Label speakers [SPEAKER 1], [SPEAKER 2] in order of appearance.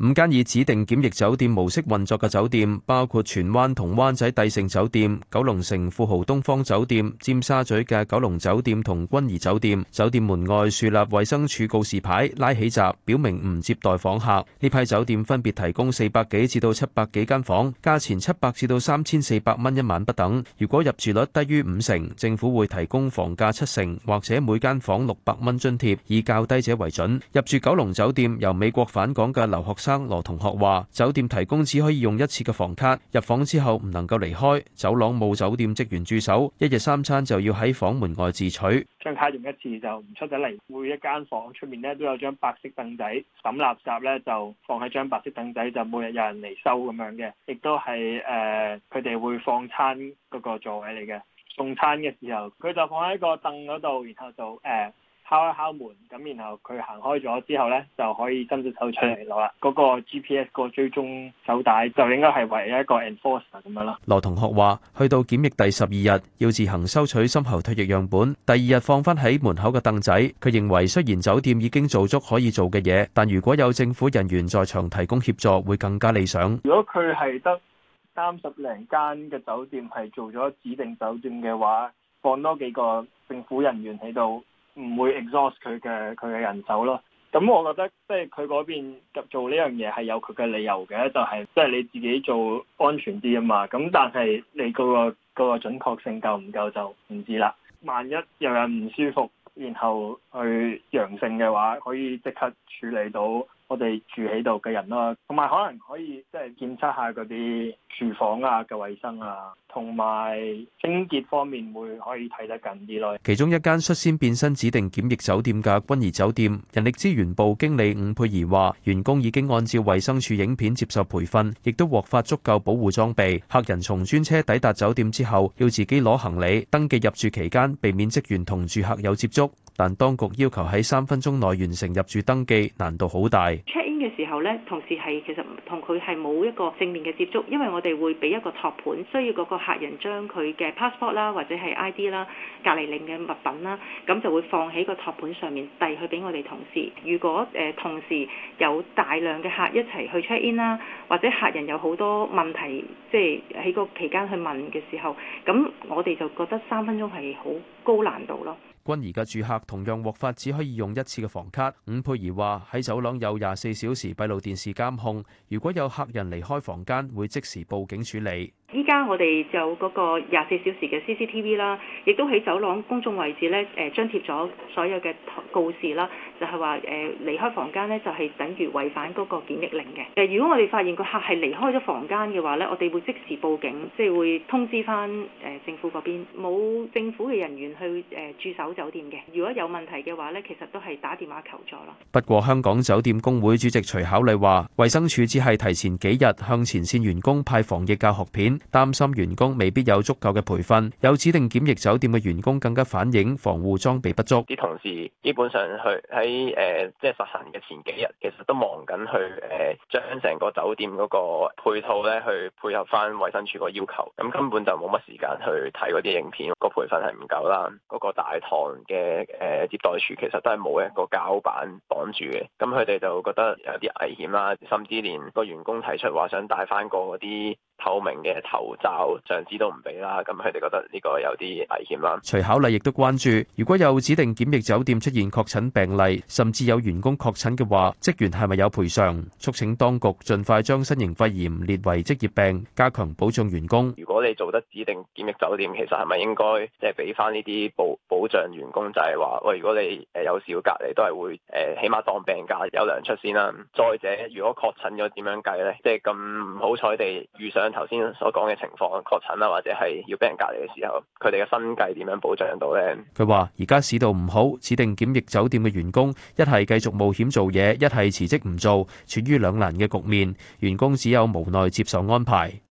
[SPEAKER 1] 五間以指定檢疫酒店模式運作嘅酒店，包括荃灣同灣仔帝盛酒店、九龍城富豪東方酒店、尖沙咀嘅九龍酒店同君怡酒店。酒店門外樹立衛生署告示牌，拉起閘，表明唔接待訪客。呢批酒店分別提供四百幾至到七百幾間房，價錢七百至到三千四百蚊一晚不等。如果入住率低於五成，政府會提供房價七成或者每間房六百蚊津貼，以較低者為準。入住九龍酒店由美國返港嘅留學生。羅同學話：酒店提供只可以用一次嘅房卡，入房之後唔能夠離開，走廊冇酒店職員駐守，一日三餐就要喺房門外自取。
[SPEAKER 2] 張卡用一次就唔出得嚟，每一間房出面咧都有張白色凳仔，抌垃圾咧就放喺張白色凳仔，就每日有人嚟收咁樣嘅，亦都係誒，佢哋會放餐嗰個座位嚟嘅。送餐嘅時候，佢就放喺個凳嗰度，然後就誒。敲一敲門，咁然後佢行開咗之後呢，就可以伸隻、嗯、手出嚟攞啦。嗰個 GPS 嗰個追蹤手帶就應該係唯一一個 enforcer 咁樣咯。羅同學話，
[SPEAKER 1] 去到檢疫第十二日，要自行收取深喉唾液樣本，第二日放翻喺門口嘅凳仔。佢認為雖然酒店已經做足可以做嘅嘢，但如果有政府人員在場提供協助，會更加理想。
[SPEAKER 2] 如果佢係得三十零間嘅酒店係做咗指定酒店嘅話，放多幾個政府人員喺度。唔會 exhaust 佢嘅佢嘅人手咯。咁我覺得即係佢嗰邊做呢樣嘢係有佢嘅理由嘅，就係即係你自己做安全啲啊嘛。咁但係你嗰個嗰個準確性夠唔夠就唔知啦。萬一有人唔舒服，然後去陽性嘅話，可以即刻處理到。 我哋住喺度嘅人啦，同埋可能可以即係檢測下嗰啲廚房啊嘅衛生啊，同埋清潔方面會可以睇得近啲咯。
[SPEAKER 1] 其中一間率先變身指定檢疫酒店嘅君怡酒店，人力資源部經理伍佩儀話員工已經按照衛生署影片接受培訓，亦都獲發足夠保護裝備，客人從專車抵達酒店之後要自己攞行李，登記入住期間避免職員同住客有接觸。但當局要求喺三分鐘內完成入住登記，難度好大。
[SPEAKER 3] check in 嘅時候咧，同事係其實同佢係冇一個正面嘅接觸，因為我哋會俾一個托盤，需要嗰個客人將佢嘅 passport 啦，或者係 ID 啦、隔離令嘅物品啦，咁就會放喺個托盤上面遞去俾我哋同事。如果誒、呃、同時有大量嘅客一齊去 check in 啦，或者客人有好多問題，即係喺個期間去問嘅時候，咁我哋就覺得三分鐘係好高難度咯。
[SPEAKER 1] 君怡嘅住客同樣獲發只可以用一次嘅房卡。伍佩儀話：喺走廊有廿四小時閉路電視監控，如果有客人離開房間，會即時報警處理。
[SPEAKER 3] 依家我哋就有嗰個廿四小時嘅 CCTV 啦，亦都喺走廊公眾位置咧，誒張貼咗所有嘅告示啦，就係話誒離開房間咧就係等於違反嗰個檢疫令嘅。誒，如果我哋發現個客係離開咗房間嘅話咧，我哋會即時報警，即係會通知翻。誒政府嗰邊，冇政府嘅人員去誒駐守酒店嘅。如果有問題嘅話咧，其實都係打電話求助咯。
[SPEAKER 1] 不過香港酒店工會主席徐巧麗話，衛生署只係提前幾日向前線員工派防疫教學片。擔心員工未必有足夠嘅培訓，有指定檢疫酒店嘅員工更加反映防護裝備不足。啲同
[SPEAKER 4] 事基本上去喺誒，即係實行嘅前幾日，其實都忙緊去誒，將成個酒店嗰個配套咧去配合翻衛生署個要求。咁根本就冇乜時間去睇嗰啲影片，個培訓係唔夠啦。嗰個大堂嘅誒接待處其實都係冇一個膠板擋住嘅，咁佢哋就覺得有啲危險啦。甚至連個員工提出話想帶翻個嗰啲。透明嘅頭罩，上次都唔俾啦，咁佢哋覺得呢個有啲危險啦。
[SPEAKER 1] 徐巧麗亦都關注，如果有指定檢疫酒店出現確診病例，甚至有員工確診嘅話，職員係咪有賠償？促請當局盡快將新型肺炎列為職業病，加強保障員工。
[SPEAKER 4] 如果你做得指定檢疫酒店，其實係咪應該即係俾翻呢啲保？保障員工就係話：我如果你誒有事要隔離，都係會誒起碼當病假有糧出先啦。再者，如果確診咗點樣計呢？即係咁唔好彩地遇上頭先所講嘅情況，確診啦，或者係要俾人隔離嘅時候，佢哋嘅薪計點樣保障到呢？
[SPEAKER 1] 佢話：而家市道唔好，指定檢疫酒店嘅員工一係繼續冒險做嘢，一係辭職唔做，處於兩難嘅局面。員工只有無奈接受安排。